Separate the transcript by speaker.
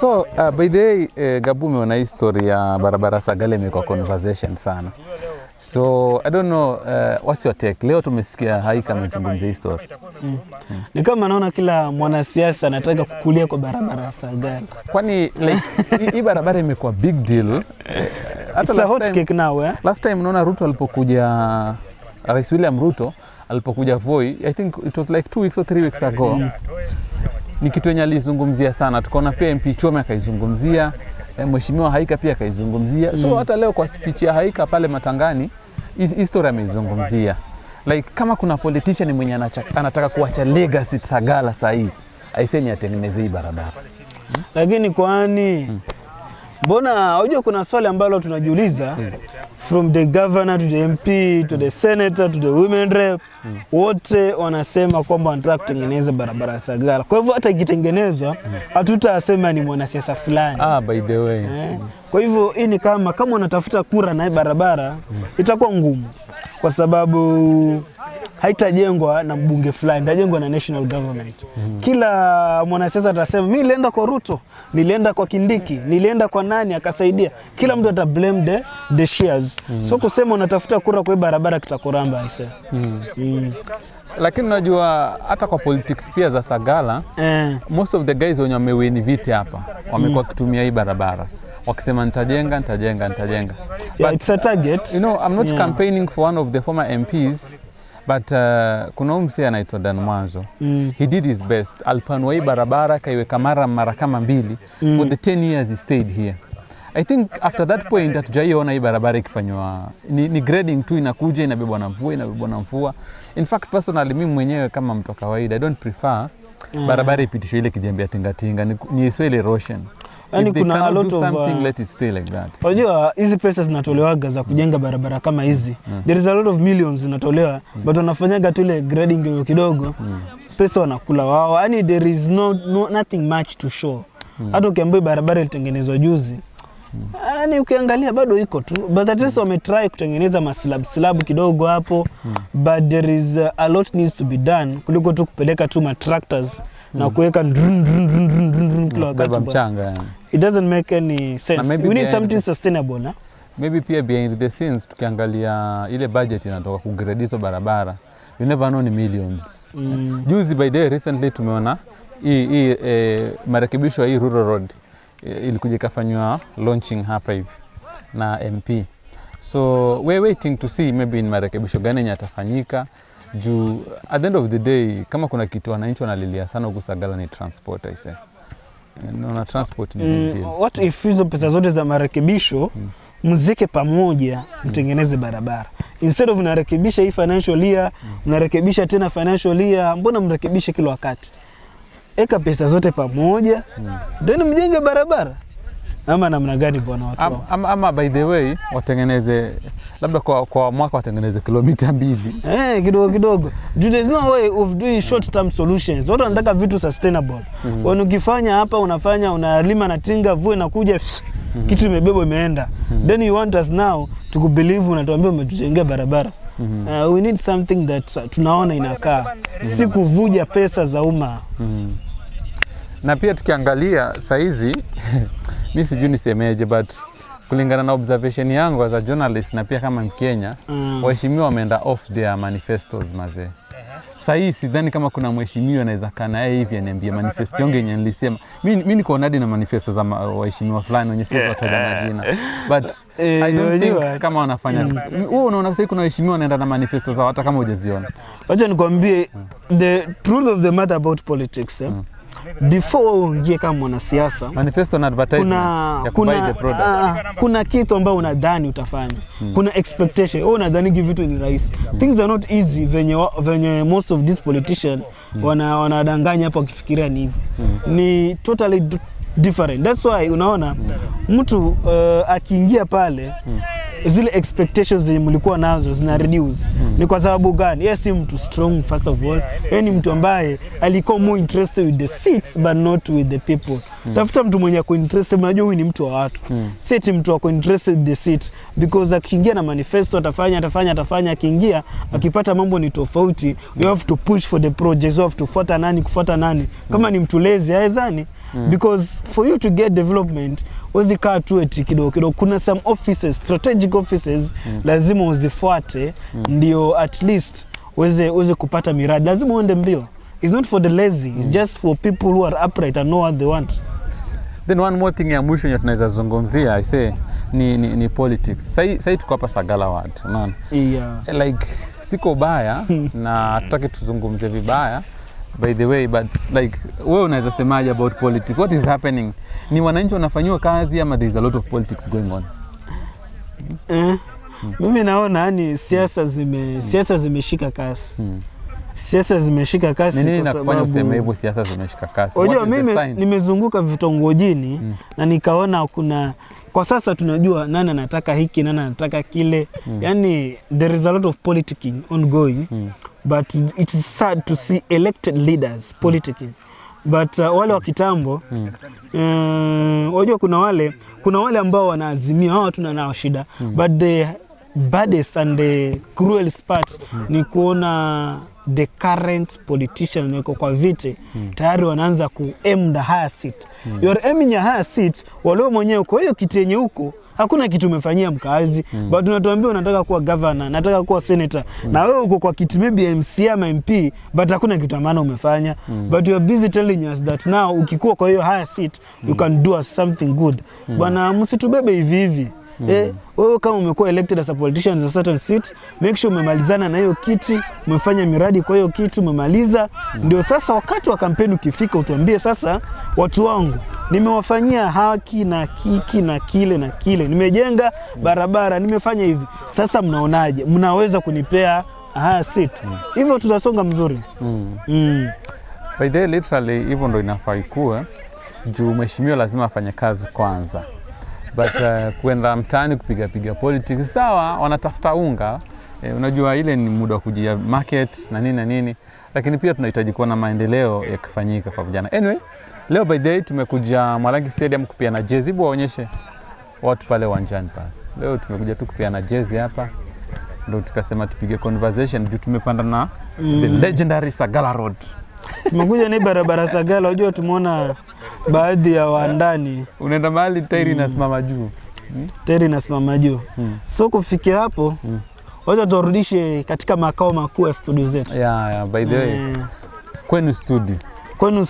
Speaker 1: So uh, by the way uh, Gabu umeona history ya barabara Sagale imekuwa conversation sana, so I don't know uh, what's your take? Leo tumesikia Haika amezungumzia history mm.
Speaker 2: mm. Ni kama naona kila mwanasiasa anataka kukulia kwa barabara Sagale,
Speaker 1: kwani like hii barabara imekuwa big deal eh,
Speaker 2: It's a hot time, cake now, eh?
Speaker 1: Last time naona Ruto alipokuja Rais William Ruto alipokuja Voi, I think it was like two weeks or three weeks ago mm ni kitu yenye alizungumzia sana, tukaona pia MP Chome akaizungumzia, eh, Mheshimiwa Haika pia akaizungumzia. So mm. hata leo kwa speech ya Haika pale Matangani history ameizungumzia. Like kama kuna politician mwenye anataka kuacha legacy Sagala saa hii aiseni atengeneze hii barabara
Speaker 2: hmm? Lakini kwani hmm. Mbona unajua kuna swali ambalo tunajiuliza hmm. From the governor to the MP to the senator to the women rep mm. wote wanasema kwamba wanataka kutengeneza barabara ya Sagala. Kwa hivyo hata ikitengenezwa hatutasema mm. ni mwanasiasa fulani.
Speaker 1: Ah, by the way eh?
Speaker 2: kwa hivyo hii ni kama kama unatafuta kura na hii barabara mm. itakuwa ngumu kwa sababu haitajengwa na mbunge fulani, itajengwa na national government mm. Kila mwanasiasa atasema mi nilienda kwa Ruto, nilienda kwa Kindiki, nilienda kwa nani akasaidia. Kila mtu ata blame the, the shares mm. So kusema unatafuta kura kwa barabara kitakuramba aise mm. mm.
Speaker 1: Mm. Lakini unajua hata kwa politics pia za Sagala eh, most of the guys wenye wamewini viti hapa wamekuwa mm. wakitumia mm. hii barabara wakisema nitajenga nitajenga nitajenga,
Speaker 2: yeah, it's a target.
Speaker 1: You know, I'm not yeah. campaigning for one of the former MPs but uh, kuna umse anaitwa Dan Mwanzo mm. he did his best, alipanua hii barabara kaiweka mara mara kama mbili mm. for the 10 years he stayed here I think after that point hatujaiona hii barabara ikifanywa ni, ni grading tu inakuja inabebwa na mvua inabebwa na mvua. In fact personally mimi mwenyewe kama mtu wa kawaida I don't prefer mm. barabara ipitishwe ile kijembea tingatinga ni, ni ile erosion.
Speaker 2: Yani kuna a lot of something uh, let it stay like that. Unajua hizi pesa zinatolewaga za kujenga mm. barabara kama hizi. Mm. There is a lot of millions zinatolewa mm. but wanafanyaga tu ile grading hiyo kidogo. Mm. Pesa wanakula wao. Yani there is no, no nothing much to show. Mm. Hata mm. ukiambiwa barabara ilitengenezwa juzi Yaani ukiangalia bado iko tu, but at least wametry kutengeneza maslabu silabu kidogo hapo but there is a lot needs to be done kuliko tu kupeleka tu matractors mm. na kuweka kila wakati mchanga. It doesn't make any sense. We need something sustainable na
Speaker 1: maybe pia behind the scenes tukiangalia ile budget inatoka kugradizo barabara, you never know ni millions. Mm. Juzi by the way recently tumeona hii hii eh, marekebisho ya hii rural road ilikuja ikafanywa launching hapa hivi na MP. So we waiting to see maybe ni marekebisho gani yenye atafanyika juu at the end of the day, kama kuna kitu wananchi wanalilia sana huku Sagala ni transport I say. na transport ni
Speaker 2: mm, deal. What if hizo pesa zote za marekebisho mm, mzike pamoja mm. mtengeneze mm, barabara instead of mnarekebisha hii financial year mm. mnarekebisha mm, tena financial year, mbona mrekebishe kila wakati? eka pesa zote pamoja hmm. then mjenge barabara ama namna gani bwana watu
Speaker 1: ama, ama, ama by the way watengeneze labda kwa, kwa mwaka watengeneze kilomita mbili
Speaker 2: eh, hey, kidogo kidogo there is no way of doing short term solutions watu wanataka vitu sustainable mm -hmm. ukifanya hapa unafanya unalima na tinga vue na kuja mm -hmm. kitu imebebwa imeenda mm -hmm. then you want us now to believe unatuambia umetujengea barabara Mm -hmm. Uh, we need something that uh, tunaona inakaa mm -hmm. si kuvuja pesa za umma mm -hmm
Speaker 1: na pia tukiangalia saizi mi sijui nisemeje, but kulingana na observation yangu as a journalist na pia kama Mkenya mm. waheshimiwa wameenda off their manifestos mazee. Sahii sidhani kama kuna mheshimiwa anaweza kaa naye hivi aniambia manifesto yonge enye nilisema. Mi niko nadi na manifesto za waheshimiwa fulani wenye siwezi wataja majina, but eh, I don't think kama wanafanya huo. mm. Unaona sahii kuna waheshimiwa wanaenda na manifesto zao hata kama hujaziona.
Speaker 2: Wacha nikuambie mm. the truth of the matter about politics eh? mm before uingie kama mwanasiasa,
Speaker 1: manifesto na advertisement
Speaker 2: ya kuna, the product. Uh, kuna kitu ambayo unadhani utafanya hmm. Kuna expectation wewe unadhani hivi vitu ni rahisi hmm. Things are not easy venye, venye most of these politician hmm. wana wanadanganya hapa wakifikiria ni hivi hmm. Ni totally different, that's why unaona hmm. Mtu uh, akiingia pale hmm zile expectations zenye mlikuwa nazo zina reduce. Mm. Ni kwa sababu gani? Yeye si mtu strong, first of all. Yeye ni mtu ambaye alikuwa more interested with the seats but not with the people. Hmm. Tafuta mtu mwenye ako interested, unajua huyu ni mtu wa watu mm. Seti mtu ako interested the seat because akiingia na manifesto atafanya atafanya atafanya, akiingia akipata mambo ni tofauti mm. You have to push for the projects, you have to fuata nani kufuata nani kama mm. ni mtu lazy hawezani mm. because for you to get development wezi kaa tu eti kidogo kidogo. Kuna some offices, strategic offices mm. lazima uzifuate mm. ndio at least uweze uweze kupata miradi, lazima uende mbio. It's not for the lazy, it's hmm. just for people who are upright and know what they want.
Speaker 1: Then one more thing ya mwisho yenye tunaweza zungumzia I say ni, ni, ni politics. Sasa tuko hapa Sagala ward, unaona? Yeah. Like siko baya na tutaki tuzungumzie vibaya by the way but like wewe unaweza semaje about politics? What is happening? Ni wananchi wanafanyiwa kazi ama there is a lot of politics going on?
Speaker 2: Eh, mimi naona ni yaani siasa zime siasa zimeshika kasi. Hmm. Hmm siasa zimeshika kasi.
Speaker 1: Nini nakufanya useme hivyo? Siasa zimeshika kasi. Unajua mimi
Speaker 2: nimezunguka vitongojini mm. na nikaona kuna kwa sasa tunajua nani anataka hiki nani anataka kile mm. yani there is a lot of politicking ongoing mm. but it is sad to see elected leaders politicking mm. but uh, wale wa kitambo mm. Eh, unajua mm. uh, kuna wale kuna wale ambao wanaazimia hao tuna nao shida mm. but the baddest and the cruelest part mm. ni kuona the current politician wako kwa viti mm. tayari wanaanza ku aim the higher seat mm. you are aiming a higher seat walio mwenyewe. Kwa hiyo kiti yenye huko hakuna kitu umefanyia mkazi mm. but unatuambia unataka kuwa governor, nataka kuwa senator mm. na wewe uko kwa kiti maybe MC ama MP but hakuna kitu maana umefanya mm. but you are busy telling us that now ukikuwa kwa hiyo higher seat mm. you can do us something good mm. Bwana, msitubebe hivi hivi mm. Eh, wewe kama umekuwa elected as a politician a certain seat, make sure umemalizana na hiyo kiti, umefanya miradi kwa hiyo kiti umemaliza. mm. Ndio sasa wakati wa kampeni ukifika, utuambie sasa, watu wangu nimewafanyia haki na kiki na kile na kile, nimejenga mm. barabara, nimefanya hivi, sasa mnaonaje? Mnaweza kunipea haya seat? Mm. Hivyo tutasonga mzuri. mm. Mm.
Speaker 1: By the literally hivyo ndo inafaa ikuwe juu mheshimiwa lazima afanye kazi kwanza but uh, kwenda mtaani kupiga piga politics sawa, wanatafuta unga e, unajua ile ni muda wa kujia market na nini na nini, lakini pia tunahitaji kuwa na maendeleo yakifanyika kwa vijana. Anyway, leo by the way tumekuja Mwalangi Stadium kupiana jezi, hebu waonyeshe watu pale uwanjani pale. Leo tumekuja tu kupiana jezi hapa ndo tukasema tupige conversation juu tumepanda na mm. the legendary Sagala Road.
Speaker 2: Tumekuja ni barabara Sagala, unajua tumeona baadhi ya wandani
Speaker 1: unaenda mahali tairi hmm. inasimama mm. juu
Speaker 2: mm. tairi inasimama juu mm. so kufikia hapo mm. wacha turudishe katika makao makuu ya studio zetu.
Speaker 1: yeah, yeah, by the way. Mm. Kwenu studio. Kwenu